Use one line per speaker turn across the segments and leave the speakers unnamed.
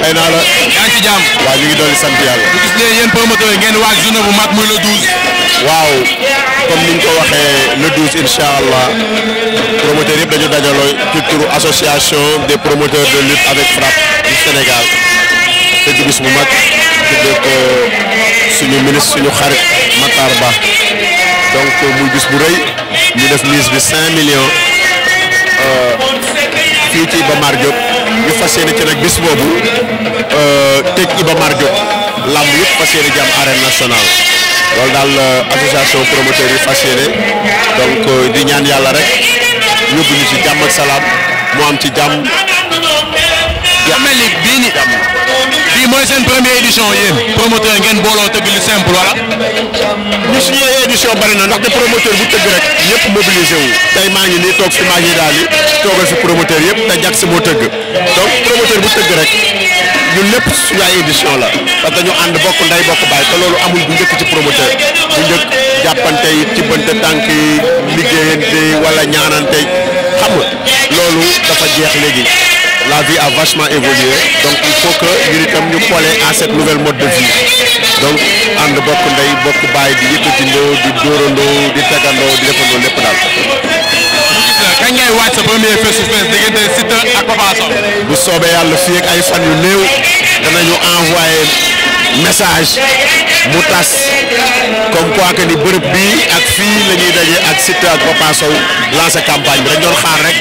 xëy naa la. yaa ci jàmm. waaw ñu ngi doon sant yàlla. ñu gis yi ngeen waaj journée bu mag muy le 12. waaw comme ni ñu ko waxee le 12 incha allah promoteurs yëpp dañu dajaloo ci turu association des promoteurs de lutte avec frappe du Sénégal te di bis mag tuddee ko suñu ministre suñu xarit Matar Ba donc muy bis bu rëy ñu bi 5 millions euh, fii ci Bamar Diop. ñu fas yéene ci nag bis boobu euh, teg Iba Mar Diop làmb yëpp fas yéene jàmm arène nationale loolu daal euh, association promoteur yi fas yéene donc euh, di ñaan yàlla rek yóbbu ñu ci jàmm ak salaam mu am ci jàmm. jàmm bii nii lii mooy seen première édition yéen promoteur ngeen booloo tëgg lu simple wala. ñu suñu édition bari na ndax de promoteur bu tëgg rek ñëpp mobilisé wu tey maa ni nii toog si maa ngi daal di toogal fi promoteur yëpp te jag si moo tëgg donc tëgg rek ñun lépp suñu ay édition la parce dañu ànd bokk nday bokk baay te loolu amul bu njëkk ci promoteur bu njëkk jàppante yi tibbante tànk yi liggéeyante wala ñaanante xam nga loolu dafa jeex léegi. la vie a vachement évolué donc il faut que ñun itam ñu xoolee à cette nouvelle mode de vie donc ànd bokk ndey bokk baay di yëkkatindoo di dóorandoo di tegandoo di defandoo lépp daal. kañ ngay waaj sa premier face to face diggante Siteu ak Papa Sow. bu soobee yàlla fii ak ay fan yu néew danañu envoyé message mu tas comme quoi que ni bërëb bii ak fii la ñuy ak Siteu ak Papa Sow lancer campagne bi dañ doon xaar rek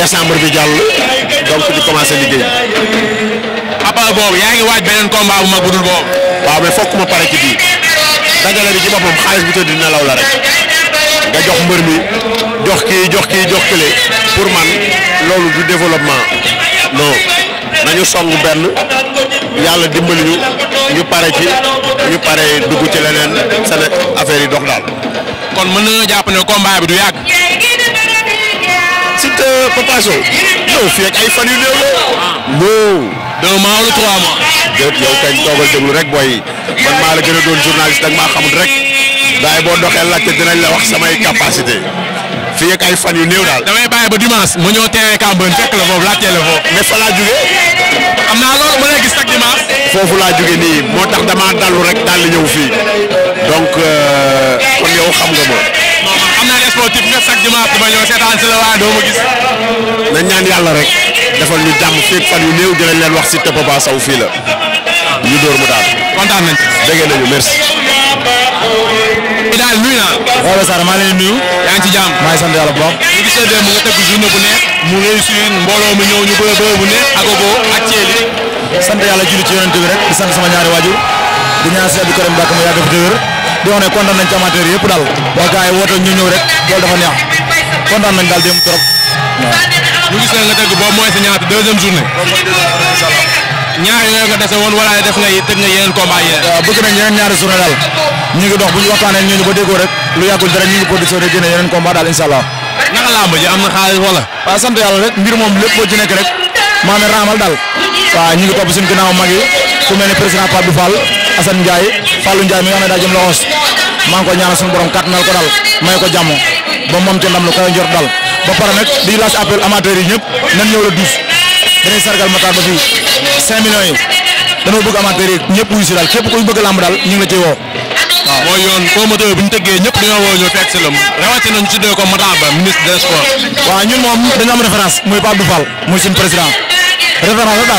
décembre bi jàll. donc di commencé liggéey. après boobu yaa ngi waaj beneen combat bu mag bu dul boobu. waaw mais fokk ma pare ci bii dajale bi ci boppam xaalis bu tëdd nelaw la rek nga jox mbër mi jox ki jox ki jox kële pour man loolu du développement non nañu song benn yàlla dimbali ñu ñu pare ci ñu pare dugg ci leneen seen affaire yi dox daal. kon mën nañoo jàpp ne combat bi du yàgg. Siteu Papa non fii ak ay fan yu néew la. non. deux mois wala trois mois. yow kañ toogal déglu rek booy man maa la gën a doon journaliste danga maa xamut rek. daay boo doxee laajte dinañ la wax samay capacité fii ak ay fan yu néew daal. damay bàyyi ba dimanche ma ñëw teewee Kambane fekk la foofu laajtee la foofu. mais fa laa jugee. am naa loolu ma lay gis chaque foofu laa jugee nii moo tax damaa dallu rek daal di ñëw fii donc euh, kon yow xam nga ma. xam naa ne sportif nga chaque dimanche dama ñëw seetaan si la waaye doo gis. nañ ñaan yàlla rek defal ñu jàmm fépp fan yu néew dinañ leen wax si te Papa saw fii la ñu dóor mu daal. kontaan nañ ci. dégg nañu merci.
Idaal nuyu naa. waaw Wassare maa ngi leen di yaa ngi ci jàmm. maa ngi sant yàlla bu baax. ñu gisee démb nga teg journée bu neex. mu réussir mbooloo mu ñëw ñu bëre bëre bu neex. agogo ak ceeli. sant yàlla julli ci yonent bi rek di sant sama ñaari waajur di ñaan si Abdou di wax na kontaan nañ ci amateur yëpp daal wax gars yi woote ñu ñëw rek loolu dafa neex kontaan nañ daal démb trop waaw. ñu
gis ne nga tëgg boobu mooy sa ñaata deuxième journée. woon wala def nga tëgg nga yeneen combat yeneen. waaw bëgg nañ yeneen ñaari daal
ñu ngi dox bu ñu waxtaanee ñooñu ba déggoo rek lu yàggul dara ñu ngi production rek génne yeneen combat daal incha allah. naka làmb ji am na xaalis wala. waaw sant yàlla rek lépp boo ci nekk rek maa ngi raamal ñu ngi topp suñu ginnaaw mag yi mel ne président Pape Fall Assane Ndiaye Fallou Ndiaye mi nga xam ne daa jëm loxoos maa ngi ko ñaanal suñu borom kàttanal ko daal may ko jàmm ba moom ci ndam lu koy njort daal ba pare nag di laaj appel amateur yi ñëpp nañ ñëw la douze dañuy sargal Matar ba fii 5 millions yi dañoo bëgg amateur yi ñëpp wuyu si daal képp kuy bëgg làmb daal ñu ngi la woo mooy yoon promoteur bu ñu tëggee ñëpp dañoo woo ñëw fekk si la rawatina ñu tuddee ko Matar Ba ministre des sports. waaw ñun moom dañoo am référence muy Pape Abdou Fall muy suñu président référence la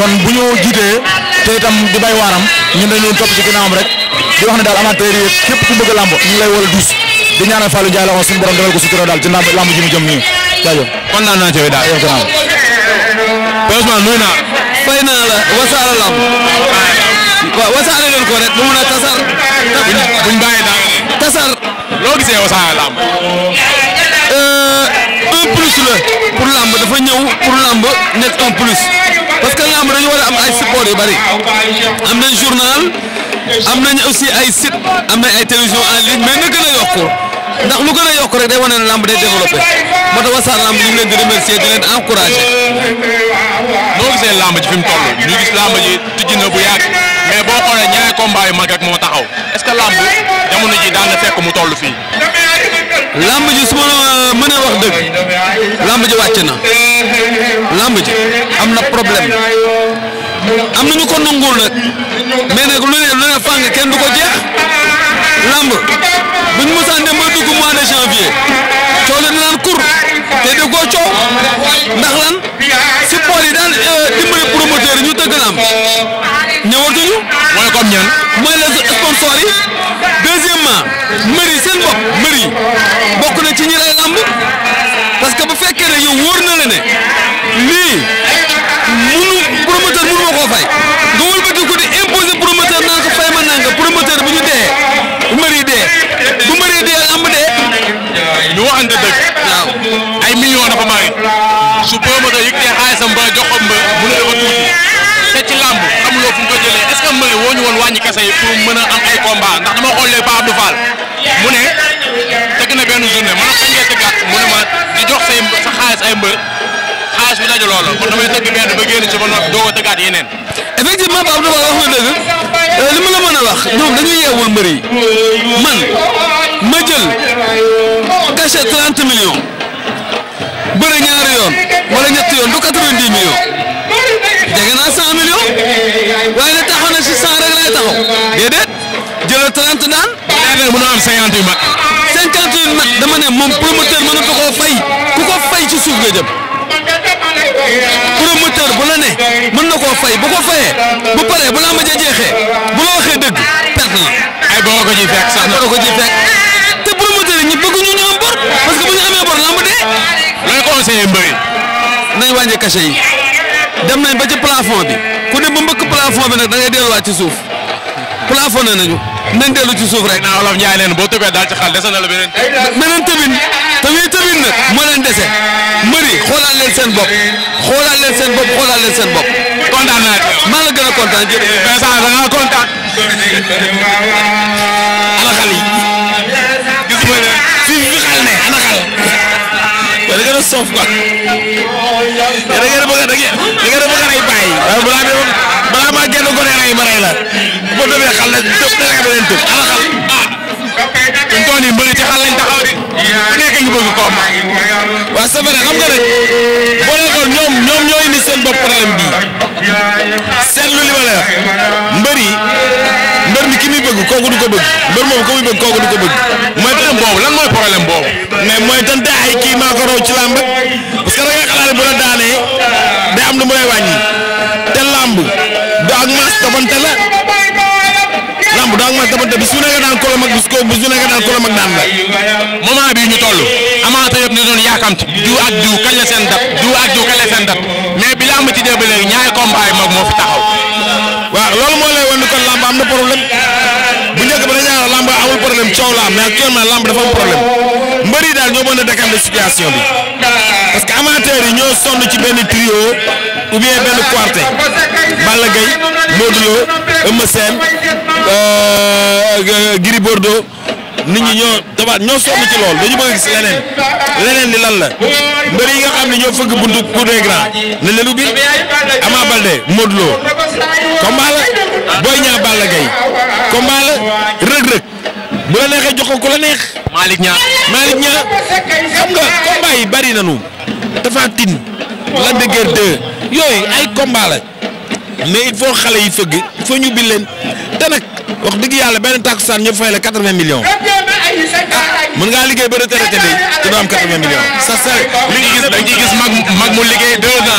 kon bu ñu jiitee te itam di bay waaram ñun rek di wax ne daal amateur yi képp ku bëgg a lamb ñu lay wala dus di ñaanal Fallou Ndiaye la wax suñu borom defal ko sutura daal ci lamb lamb ji nii jaajëf kon naan naa ci daal yow gannaaw
Ousmane nuyu la wasaare lamb waaw wasaare leen ko rek bu mun a tasar buñ bàyyi daal tasar loo gisee wasaare lamb euh, un plus la pour lamb dafa ñëw pour lamb nekk un plus parce que lamb dañu war a am ay support yu bari am nañ am nañu aussi ay site am nañ ay télévision en ligne mais na gën a yokku ndax lu gën a yokku rek day wane ne lamb day développé moo tax Wassare Lamb ñu ngi leen di remercier di leen encourager. noo gisee lamb ji fi mu toll ñu gis lamb ji tijji na bu yàgg mais boo xoolee ñaari combat yu moo taxaw est ji daan fekk mu toll fii. lamb ji su ma euh, mënee wax dëgg lamb ji wàcc na lamb ji am na problème. am na ñu ko nangul nag mais nag lu ne lu ne fàng kenn du ko jeex lamb bu ñu mosaan dem ba dugg mois de janvier coow la naan kur te de koo coow ndax lan support yi daan euh, dimbali promoteur yi ñu tëgg lamb ñëwatuñu. mooy comme ñan mooy les sponsors yi deuxièmement mëri seen bopp mëri bokk na ci ñi lay lamb parce que bu fekkee ne yow wóor na ne lii.
promoteur yëkkatee xaalisam ba jox ko mbër mu ne dafa tuuti te ci làmb xamuloo mbër a am
ay combat ndax Pa Abdou Fall mu ne tëgg na benn journée ma ne ko ngeen tëggaat mu ne ma di jox say sa xaalis ay mbër la euh, a wax ñoom dañuy yeewul mbër yi man ma jël cachet 30 millions bëri ñaari yoon. wala ñetti yoon du 90 millions jege naa 100 millions waaye nag taxaw na si 100 rek lay taxaw déedéet jëlal 30 daan. bu mën a am yu mag. 50 yu mag dama ne moom promoteur mënatu koo fay ku ko fay ci suuf nga jëm promoteur bu la ne mën na koo fay bu ko fayee bu paree bu la ma ja jeexee bu la waxee dëgg perte la. ay boo ko ji fekk sax boo ko ji fekk te promoteur yi ñi bëgg ñu am bor parce bu ñu amee lamb dee. looy conseiller mbëri. nañ wàññi cachet yi dem nañ ba ci plafond bi ku ne ba mbëkk plafond bi nag da ngay delluwaat ci suuf plafond nañu nañ dellu ci suuf rek. naa Olof Ndiaye neen boo tëbee daal ci xal dese na la beneen. beneen tëbin tamit tëbin nag moo leen dese mëri xoolaat leen seen bopp xoolaat leen seen bopp xoolaat leen seen bopp. kontaan naa ci. maa la gën a kontaan jërëjëf. Vincent da kontaan. ala xal soof quoi. da ngeen bëgg a da ngeen da ngeen bëgg a rey bàyyi. balaa ma balaa maa génn gone rey ma rey la bu ko defee xal la tëb da nga leen tëb ala xal ah. suñ tool yi mbëri ci xal lañ taxaw di ku nekk ñu bëgg koom. waaw c'est vrai xam nga rek boo nekkoon ñoom ñoom ñoo indi seen bopp problème bi seetlu di ma la wax mbër yi mbër mi ki muy bëgg kooku du ko bëgg mbër moom ko muy bëgg kooku du ko bëgg mooy problème lan mooy problème boobu. mais mooy dante ay kii maa ko raw ci làmb parce que da ngay xalaat bu la daanee day am lu muy wàññi te làmb du ak maas dabante la làmb du ak maas dabante bis bu nekk daan kóolam mag bis ko daan kóolam mag daan la. moment bii ñu toll amaata yëpp ñu doon yaakamti diw ak diw kañ la seen ak diw kañ la seen dab bi làmb ci dégg léegi ñaari combat yi mag moo fi taxaw. waaw loolu moo lay wan kon làmb am na problème la am mais actuellement lamb dafa am problème mbër yi daal ñoo mën a décanter situation bi parce que amateurs yi ñoo sonn ci benn trio ou bien benn quartet Balla Gaye Modou Lo Eumeu Sène euh, Gris Bordeaux nit ñi ñoo dafa ñoo sonn ci lool dañu bëgg a gis leneen leneen li lan la mbër yi nga xam ne ñoo fëgg buntu pour des grands ne leen ubbi Ama Baldé Modou Lo combat la Boy Niang Balla Gaye combat la Reug Reug bu la neexee jox ko ku la neex. Malick Niang Malick Niang xam nga combat yi bari nañu. Tapha Tine. Lac de Guiers 2. yooyu ay combat la. mais il faut xale yi fëgg il faut ñu bil leen te nag wax dëgg yàlla benn takkusaan ñu fay la quatre-vingts millions mën ngaa liggéey ba retraité bi te doo am quatre-vingts millions. sa sa li ngi gis liggéey deux ans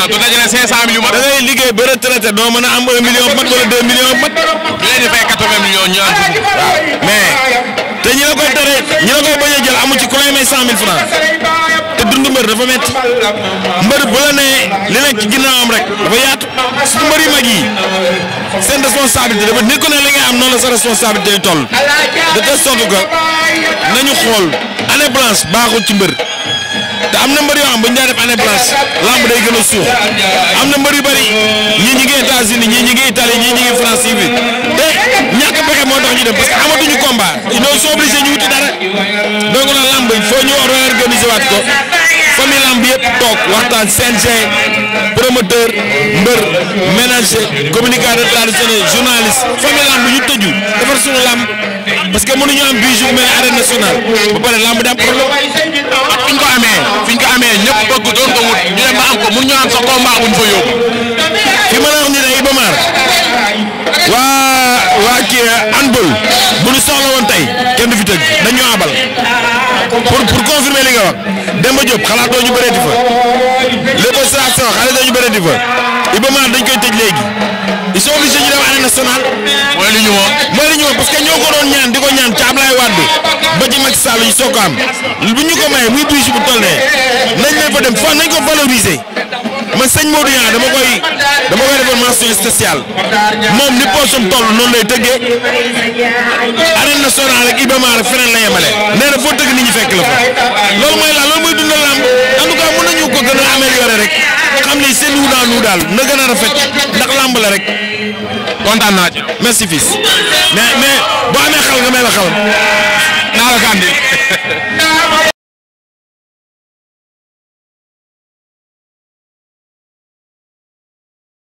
ba retraité doo mën a am million mat wala deux millions mat. ñu leen di fay quatre-vingts millions ñu am mais. te ñi la koy tere ñi la a jël amu ci ku lay may cent mille francs te dund mbër dafa métti mbër bu la ne li nekk ci ginnaawam rek dafa yaatu surtout mbër yu mag yi seen responsabilité dafa nekk ne li am noonu sa responsabilité yu toll de telle sorte nañu xool année blanche baaxul ci mbër. te am na mbër yoo xam bu ñu daan def année blanche lamb day gën a suux am na mbër yu bëri ñii ñi ngi États-Unis ñii ñi ngi Italie ñii ñi France yi te ñàkk pexe moo tax ñu dem parce que amatuñu combat ñoo soo obligé ñu wuti dara donc la lamb il faut ñu réorganiser waat ko famille lamb yëpp toog waxtaan CNG promoteur mbër ménager communicateur traditionnel journaliste famille lamb ñu tëju defar suñu lamb parce que mënuñu am 8 jours mel amee fi ñu ko amee ñëpp bëgg doon ko bu ñu fa yóbbu. fi ma la wax ni ne Iba Mar waa waa kii handball bu ñu soxla woon tey kenn du fi tëgg dañ ñu abal pour pour confirmer li nga wax Demba Diop xalaat doo ñu bëreeti fa lépp station xale doo ñu bëreeti fa Iba Mar dañ koy tëj léegi ils ñu dem arène nationale. mooy li ñu mooy li ñu wax parce que ñoo ko doon ñaan ba ci Macky Sall yi soo ko am bu ñu ko mayee muy bouche bu toll ne nañ leen fa dem fa nañ ko valoriser man sëñ Modou Niang dama koy dama koy defal mention spéciale moom ni poosam toll noonu lay tëggee arène nationale ak Iba Mar feneen la yemale nee na foo tëgg nit ñi fekk la fa loolu mooy la loolu mooy dundal lamb en tout cas mën nañu ko gën a améliorer rek xam ne seen wu daal lu daal na gën a rafet ndax lamb la rek kontaan naa ci merci fils mais mais boo amee
Kandil